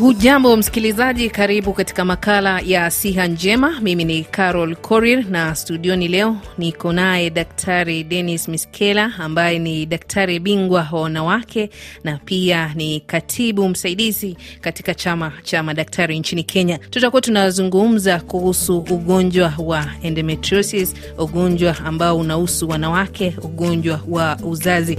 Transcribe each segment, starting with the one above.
Hujambo msikilizaji, karibu katika makala ya siha njema. Mimi ni Carol Korir na studioni leo niko naye Daktari Denis Miskela ambaye ni daktari bingwa wa wanawake na pia ni katibu msaidizi katika chama cha madaktari nchini Kenya. Tutakuwa tunazungumza kuhusu ugonjwa wa endometriosis, ugonjwa ambao unahusu wanawake, ugonjwa wa uzazi.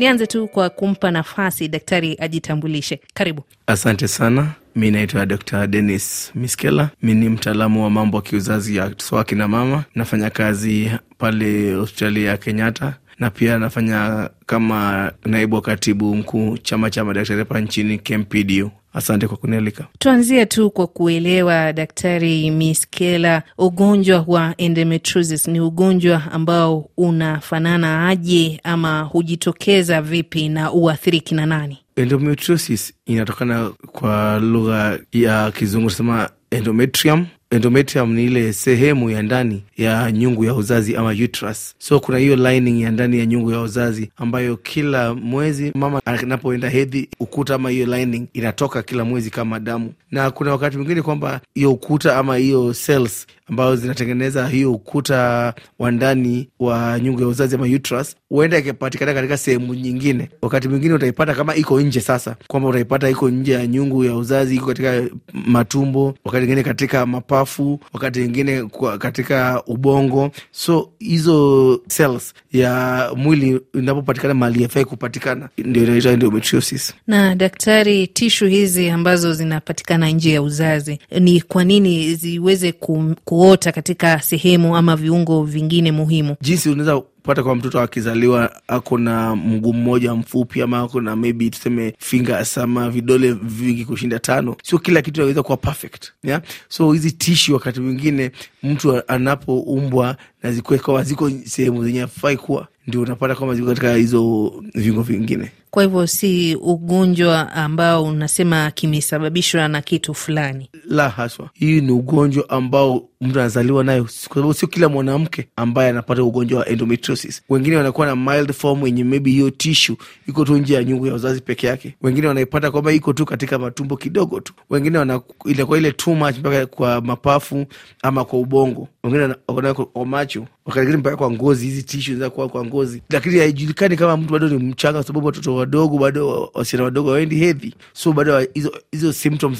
Nianze tu kwa kumpa nafasi daktari ajitambulishe. Karibu. Asante sana. Mi naitwa Dr Denis Miskela, mi ni mtaalamu wa mambo ya kiuzazi ya swa akina mama. Nafanya kazi pale hospitali ya Kenyatta na pia nafanya kama naibu wa katibu mkuu chama cha madaktari hapa nchini KMPDU. Asante kwa kunialika. Tuanzie tu kwa kuelewa, Daktari Miskela, ugonjwa wa endometriosis ni ugonjwa ambao unafanana aje ama hujitokeza vipi na uathiri kina nani? Endometriosis inatokana kwa lugha ya Kizungu tunasema endometrium endometrium ni ile sehemu ya ndani ya nyungu ya uzazi ama uterus. So kuna hiyo lining ya ndani ya nyungu ya uzazi ambayo kila mwezi mama anapoenda hedhi, ukuta ama hiyo lining inatoka kila mwezi kama damu, na kuna wakati mwingine kwamba hiyo ukuta ama hiyo cells ambayo zinatengeneza hiyo ukuta wa ndani wa nyungu ya uzazi ama uterus huenda ikapatikana katika sehemu nyingine. Wakati mwingine utaipata kama iko nje, sasa kwamba utaipata iko nje ya nyungu ya uzazi, iko katika matumbo, wakati mwingine katika mapa mapafu, wakati wengine katika ubongo. So hizo cells ya mwili inapopatikana mali yafai kupatikana, ndio inaitwa endometriosis. Na daktari, tishu hizi ambazo zinapatikana nje ya uzazi, ni kwa nini ziweze ku, kuota katika sehemu ama viungo vingine muhimu? Jinsi unaweza pata kwa mtoto akizaliwa ako na mguu mmoja mfupi ama ako na maybe tuseme finga sama vidole vingi kushinda tano, sio kila kitu inaweza kuwa perfect yeah? So hizi tishi wakati mwingine mtu anapoumbwa na zikuwa ziko sehemu zenye afai kuwa ndio unapata kwamba ziko katika hizo viungo vingine. Kwa hivyo si ugonjwa ambao unasema kimesababishwa na kitu fulani, la haswa. Hii ni ugonjwa ambao mtu anazaliwa nayo, kwa sababu sio kila mwanamke ambaye anapata ugonjwa wa endometriosis. Wengine wanakuwa na mild form yenye maybe hiyo tishu iko tu nje ya nyungu ya uzazi peke yake, wengine wanaipata kwamba iko tu katika matumbo kidogo tu, wengine inakuwa ile too much mpaka kwa mapafu ama kwa ubongo, wengine kwa macho, wakati mpaka kwa ngozi. Hizi tishu zinakuwa kwa ngozi, lakini haijulikani kama mtu bado ni mchanga, kwa sababu watoto wadogo bado, wasichana wadogo hawaendi hedhi, so bado hizo hizo symptoms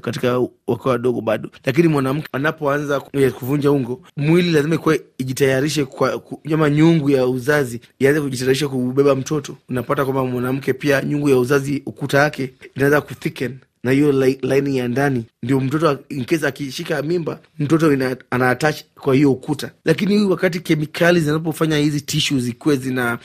katika wakiwa wadogo bado. Lakini mwanamke anapoanza kuvunja ungo, mwili lazima ikuwa ijitayarishe kwa nyungu ya uzazi ianze kujitayarisha kubeba mtoto. Unapata kwamba mwanamke pia nyungu ya uzazi, ukuta wake inaweza kuthicken na hiyo laini ya ndani ndio mtoto inkesi akishika mimba mtoto ina, ana attach kwa hiyo ukuta. Lakini wakati kemikali zinapofanya hizi tishu zikuwe zina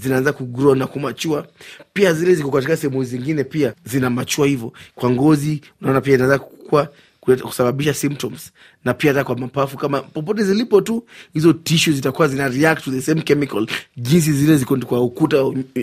zinaanza kugrow na kumachua, pia zile ziko katika sehemu zingine pia zina machua hivyo kwa ngozi, unaona pia inaanza kukua kusababisha symptoms na pia hata kwa mapafu, kama popote zilipo tu hizo tishu zitakuwa zina react to the same chemical, jinsi zile ziko kwa ukuta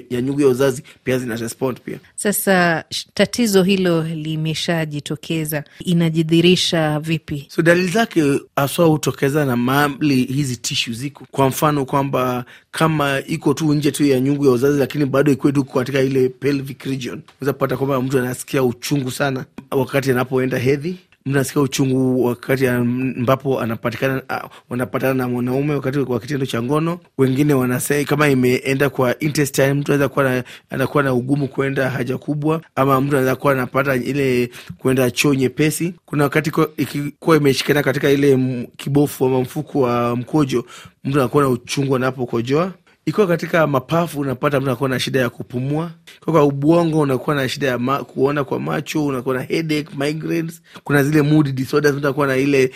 ya nyugu ya uzazi pia zina respond pia. Sasa tatizo hilo limeshajitokeza, inajidhirisha vipi? So dalili zake haswa hutokeza na mali hizi tishu ziko, kwa mfano kwamba kama iko tu nje tu ya nyungu ya uzazi, lakini bado ikuwe tu katika ile pelvic region, unaweza pata kwamba mtu anasikia uchungu sana wakati anapoenda hedhi mtu anasikia uchungu wakati ambapo anapatikana wanapatana na mwanaume wakati wa kitendo cha ngono. Wengine wanasema kama imeenda kwa intestine, mtu anaweza kuwa anakuwa na ugumu kwenda haja kubwa, ama mtu anaweza kuwa anapata ile kwenda choo nyepesi. Kuna wakati ikikuwa imeshikana katika ile kibofu ama mfuko wa mkojo, mtu anakuwa na uchungu anapokojoa ikiwa katika mapafu unapata mtu anakuwa na shida ya kupumua, ikiwa kwa ubongo unakuwa na shida ya ma, kuona kwa macho, unakuwa na headache, migraines. Kuna zile mood disorders, mtu anakuwa na ile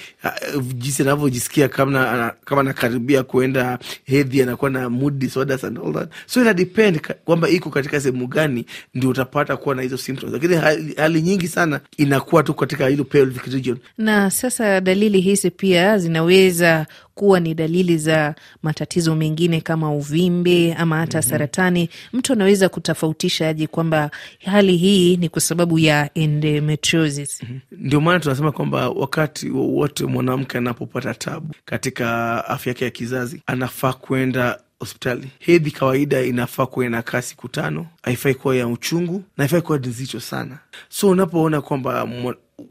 uh, jinsi anavyojisikia kama kama anakaribia kuenda hedhi, anakuwa na mood disorders and all that, so ina depend kwamba iko katika sehemu gani, ndio utapata kuwa na hizo symptoms, lakini hali, hali nyingi sana inakuwa tu katika hilo pelvic region. Na sasa dalili hizi pia zinaweza kuwa ni dalili za matatizo mengine kama uvimbe ama hata mm -hmm. saratani, mtu anaweza kutofautisha aje kwamba hali hii ni kwa sababu ya endometriosis? mm -hmm. Ndio maana tunasema kwamba wakati wowote mwanamke anapopata tabu katika afya yake ya kizazi anafaa kwenda hospitali. Hedhi kawaida inafaa kuwa kaa siku tano, haifai kuwa ya uchungu na haifai kuwa nzito sana. So unapoona kwamba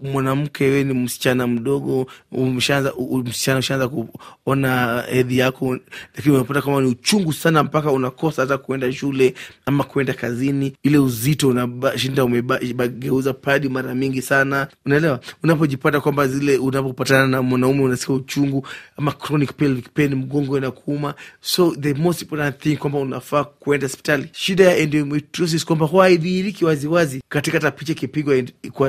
mwanamke, wewe ni msichana mdogo, umshaanza msichana, ushaanza kuona hedhi yako, lakini unapata kama ni uchungu sana, mpaka unakosa hata kuenda shule ama kuenda kazini. Ile uzito unashinda umebageuza padi mara mingi sana, unaelewa. Unapojipata kwamba zile, unapopatana na mwanaume unasikia uchungu ama chronic pelvic pain, mgongo inakuuma. So the most important thing kwamba unafaa kuenda hospitali. Shida ya endometriosis kwamba haidhihiriki waziwazi katika hata picha ikipigwa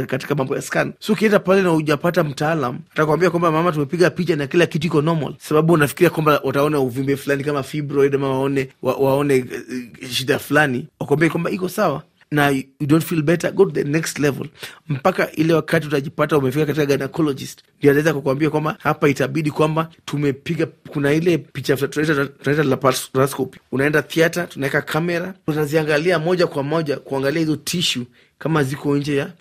katika mambo ya skani sana. So ukienda pale na ujapata mtaalam, atakwambia kwamba mama, tumepiga picha na kila kitu iko normal, sababu unafikiria kwamba wataona uvimbe fulani kama fibroid ama waone, wa, waone uh, shida fulani, wakwambia kwamba iko sawa na you don't feel better, go to the next level, mpaka ile wakati utajipata umefika katika gynecologist, ndio anaweza kukuambia kwamba hapa itabidi kwamba tumepiga. Kuna ile picha tunaita tunaita laparoscopy, unaenda theater, tunaweka kamera, tunaziangalia moja kwa moja kuangalia hizo tishu kama ziko nje ya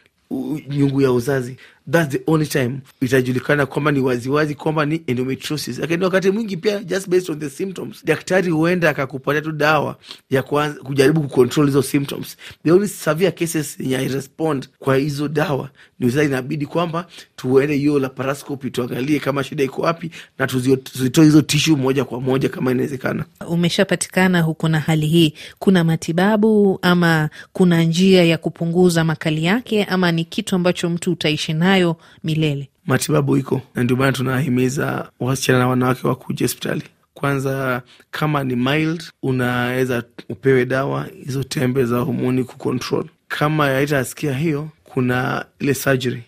nyungu ya uzazi that's the only time itajulikana kwamba ni waziwazi kwamba ni endometriosis. Lakini wakati mwingi pia just based on the symptoms, daktari huenda akakupatia tu dawa ya kuanza kujaribu kucontrol hizo symptoms. The only severe cases yenye hairespond kwa hizo dawa ni sasa inabidi kwamba tuende hiyo laparoscopy tuangalie kama shida iko wapi na tuzitoe hizo tishu moja kwa moja kama inawezekana. Umeshapatikana huko na hali hii, kuna matibabu ama kuna njia ya kupunguza makali yake ama ni kitu ambacho mtu utaishi na nayo milele. Matibabu iko na ndio maana tunahimiza wasichana na wanawake wakuja hospitali. Kwanza, kama ni mild, unaweza upewe dawa hizo tembe za homoni kucontrol. Kama haitasikia hiyo, kuna ile surgery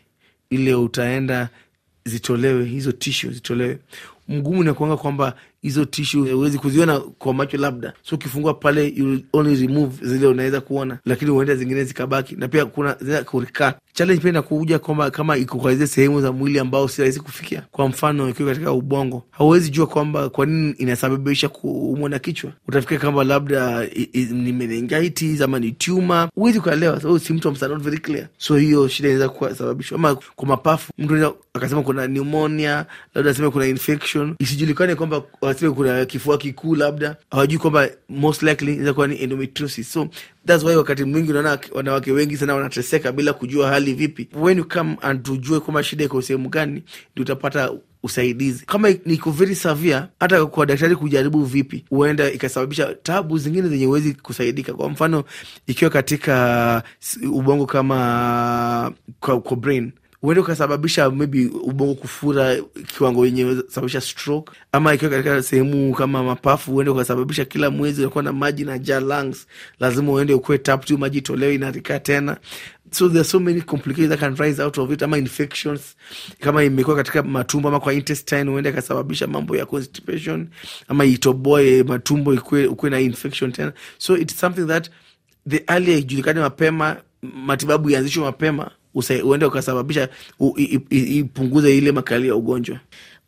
ile utaenda zitolewe hizo tishu zitolewe. Mgumu ni kuanga kwamba hizo tishu huwezi kuziona kwa macho, labda so ukifungua pale you only remove zile unaweza kuona, lakini huenda zingine zikabaki, na pia kuna zina kurecut Challenge pia inakuja kwamba kama iko kwa sehemu za mwili ambao si rahisi kufikia. Kwa mfano, ikiwa katika ubongo, hauwezi jua kwamba kwa nini inasababisha kuumwa na kichwa. Utafikia labda ni meningitis ama ni tuma, huwezi ukaelewa sababu symptoms are not very clear. So hiyo shida inaweza kusababishwa, ama kwa mapafu, mtu akasema kuna pneumonia, labda aseme kuna infection isijulikane, kwamba aseme kuna kifua kikuu, labda hawajui kwamba most likely inaweza kuwa ni endometriosis so That's why wakati mwingi unaona wanawake wengi sana wanateseka bila kujua hali vipi. When you come and ujue kwamba shida iko sehemu gani, ndio utapata usaidizi. Kama niko very severe, hata kwa daktari kujaribu vipi, huenda ikasababisha tabu zingine zenye huwezi kusaidika. Kwa mfano, ikiwa katika ubongo kama kwa, kwa brain uende ukasababisha maybe ubongo kufura kiwango yenye sababisha stroke, ama ikiwa katika sehemu kama mapafu, uende ukasababisha kila mwezi unakuwa na maji na ja lungs, lazima uende ukuwe tap tu maji tolewe inarikaa tena so there are so many complications that can rise out of it, ama infections kama imekuwa katika matumbo ama kwa intestine, uende ikasababisha mambo ya constipation ama itoboe matumbo ukuwe na infection tena. So it's something that the earlier ijulikane mapema, matibabu yaanzishwe mapema uende ukasababisha ipunguze ile makali ya ugonjwa.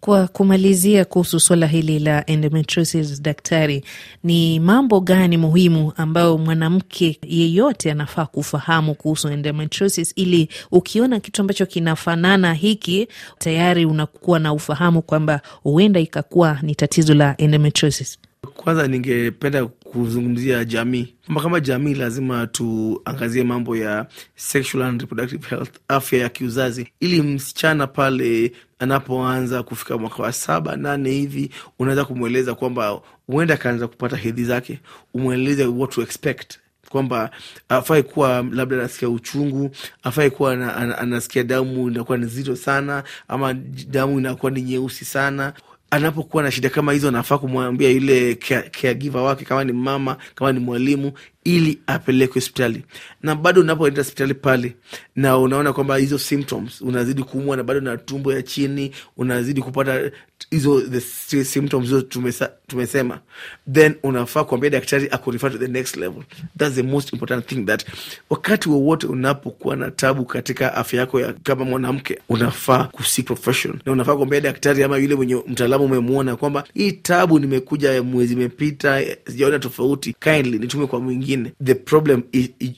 Kwa kumalizia, kuhusu suala hili la endometriosis, daktari, ni mambo gani muhimu ambayo mwanamke yeyote anafaa kufahamu kuhusu endometriosis, ili ukiona kitu ambacho kinafanana hiki, tayari unakuwa na ufahamu kwamba huenda ikakuwa ni tatizo la endometriosis? Kwanza ningependa kuzungumzia jamii kwamba kama jamii lazima tuangazie mambo ya sexual and reproductive health, afya ya kiuzazi, ili msichana pale anapoanza kufika mwaka wa saba nane hivi, unaweza kumweleza kwamba huenda akaanza kupata hedhi zake, umweleze what to expect kwamba afai kuwa labda anasikia uchungu, afai kuwa anasikia damu inakuwa ni zito sana, ama damu inakuwa ni nyeusi sana anapokuwa na shida kama hizo, anafaa kumwambia yule caregiver wake, kama ni mama, kama ni mwalimu, ili apelekwe hospitali. Na bado unapoenda hospitali pale na unaona kwamba hizo symptoms, unazidi kuumwa na bado na tumbo ya chini, unazidi kupata hizo the symptoms hizo tumesa, tumesema, then unafaa kuambia daktari akurefer to the next level. That's the most important thing that wakati wowote unapokuwa na tabu katika afya yako ya kama mwanamke, unafaa kusi profession na unafaa kuambia daktari ama yule mwenye mtaalamu umemwona kwamba hii tabu nimekuja, mwezi imepita, sijaona tofauti, kindly nitume kwa mwingine nyingine the problem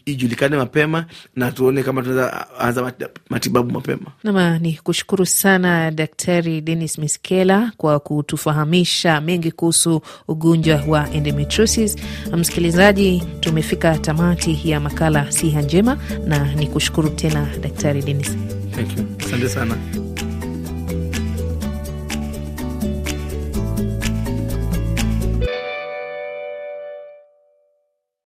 ijulikane mapema na tuone kama tunaweza anza matibabu mapema. Nama ni kushukuru sana Daktari Denis Miskela kwa kutufahamisha mengi kuhusu ugonjwa wa endometriosis. Msikilizaji, tumefika tamati ya makala Siha Njema na ni kushukuru tena Daktari Denis. Asante sana.